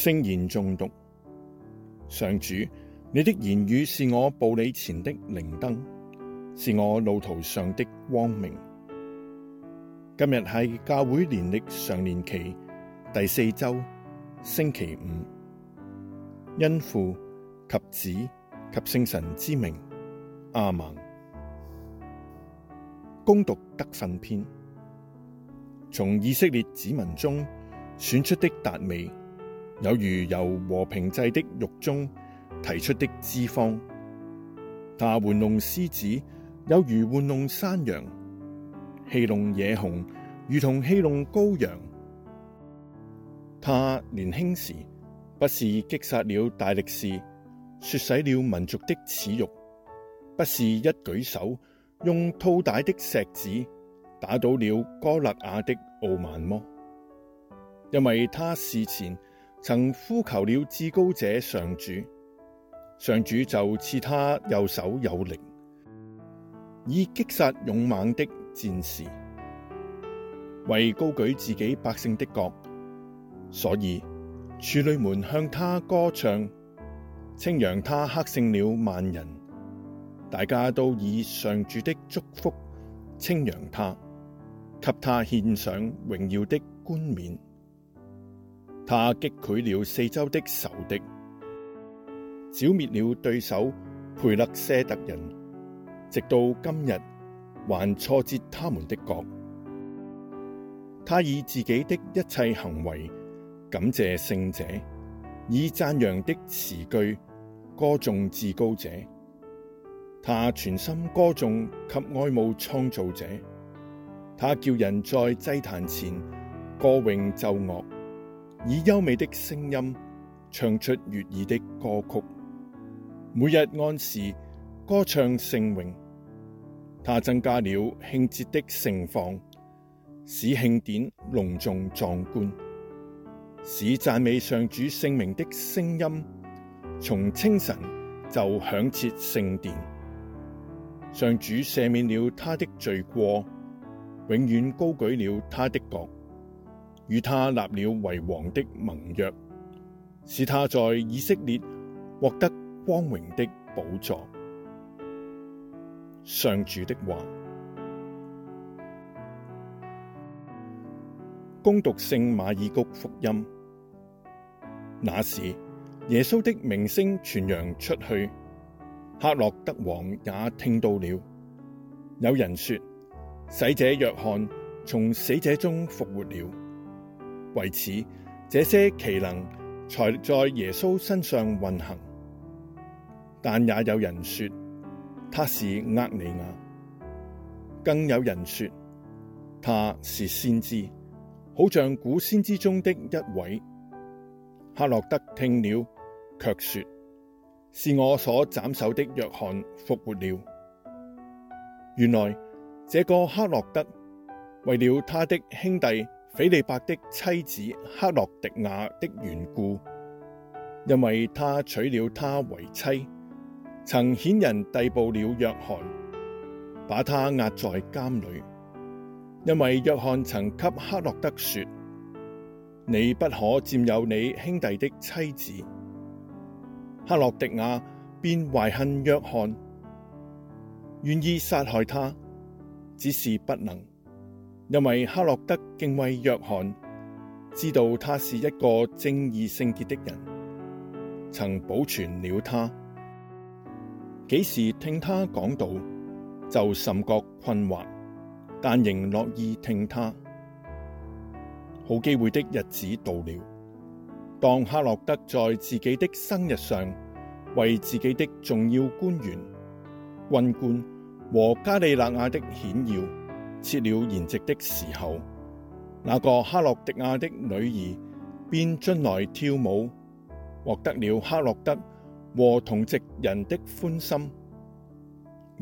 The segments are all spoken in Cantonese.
聖言誦讀。上主，你的言語是我步履前的靈燈，是我路途上的光明。今日係教會年曆常年期第四週星期五，因父及子及聖神之名，阿門。恭讀德訓篇，從以色列子民中選出的達味。有如由和平祭的肉中提出的脂肪，他玩弄獅子，有如玩弄山羊，戲弄野熊，如同戲弄羔羊。他年輕時不是擊殺了大力士，雪洗了民族的恥辱，不是一舉手用套帶的石子打倒了哥肋雅的傲慢麼？因為他事前，曾呼求了至高者上主，上主就賜他右手有力，以擊殺勇猛的戰士，為高舉自己百姓的角。所以處女們向他歌唱，稱揚他克勝了萬人，大家都以上主的祝福稱揚他，給他獻上榮耀的冠冕。他擊潰了四周的仇敵，剿滅了對手培肋舍特人，直到今日還挫折他們的角。他以自己的一切行為感謝聖者，以讚揚的詞句歌頌至高者。他全心歌頌及愛慕創造者，他叫人在祭壇前歌詠奏樂。以優美的聲音，唱出悅耳的歌曲，每日按時歌唱聖詠，他增加了慶節的盛況，使慶典隆重壯觀，使讚美上主聖名的聲音，從清晨就響徹聖殿。上主赦免了他的罪過，永遠高舉了他的角。與他立了為王的盟約，使他在以色列獲得光榮的寶座。上主的話，恭讀聖馬爾谷福音。那時，耶穌的名聲傳揚出去，黑落德王也聽到了。有人說，洗者若翰從死者中復活了。為此，這些奇能才在耶穌身上運行。但也有人說他是厄里亞，更有人說他是先知，好像古先知中的一位。黑落德聽了，卻說：是我所斬首的若翰復活了。原來這個黑落德為了他的兄弟。斐理伯的妻子黑落狄雅的緣故，因為他娶了她為妻，曾遣人逮捕了若翰，把他押在監裏。因為若翰曾給黑落德說：「你不可佔有你兄弟的妻子。」黑落狄雅便懷恨若翰，願意殺害他，只是不能。因為黑落德敬畏若翰，知道他是一個正義聖潔的人，曾保存了他。幾時聽他講道，就甚覺困惑，但仍樂意聽他。好機會的日子到了，當黑落德在自己的生日上，為自己的重要官員、軍官和加里肋亞的顯要。切了筵席的時候，那個黑落狄雅的女兒便進來跳舞，獲得了黑落德和同席人的歡心。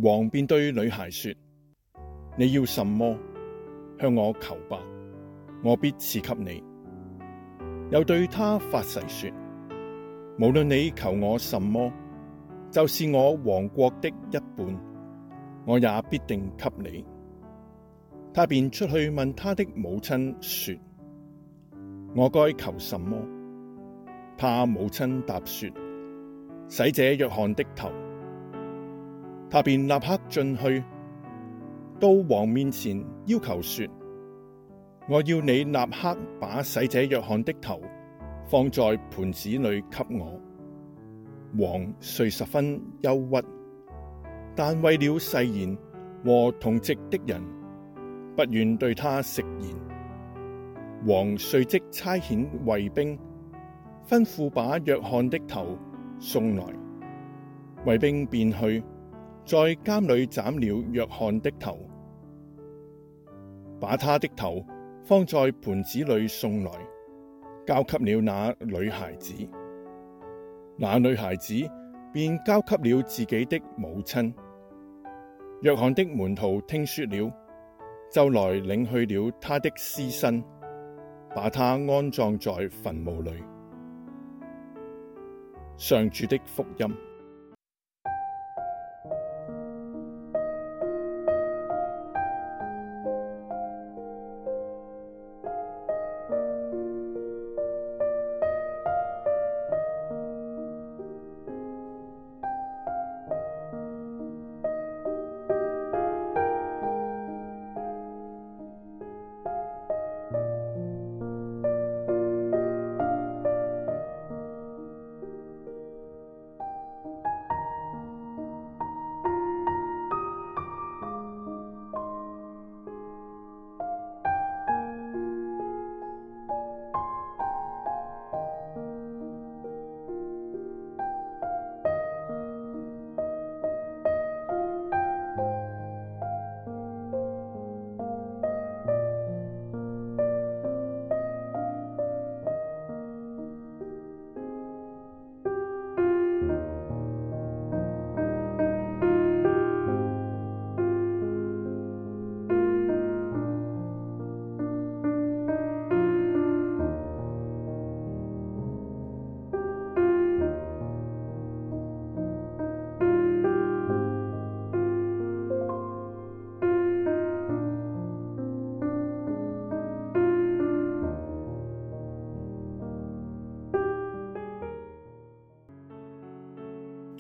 王便對女孩說：你要什麼，向我求吧，我必賜給你。又對她發誓說：無論你求我什麼，就是我王國的一半，我也必定給你。他便出去問他的母親說：我該求什麼？他母親答說：洗者若翰的頭。他便立刻進去，到王面前要求說：我要你立刻把洗者若翰的頭放在盤子裏給我。王遂十分憂鬱，但為了誓言和同席的人，不願對他食言。王遂即差遣衛兵，吩咐把若翰的頭送來。衛兵便去，在監裏斬了若翰的頭，把他的頭放在盤子裏送來，交給了那女孩子。那女孩子便交給了自己的母親。若翰的門徒聽說了。就來領去了他的屍身，把他安葬在墳墓裏。上主的福音。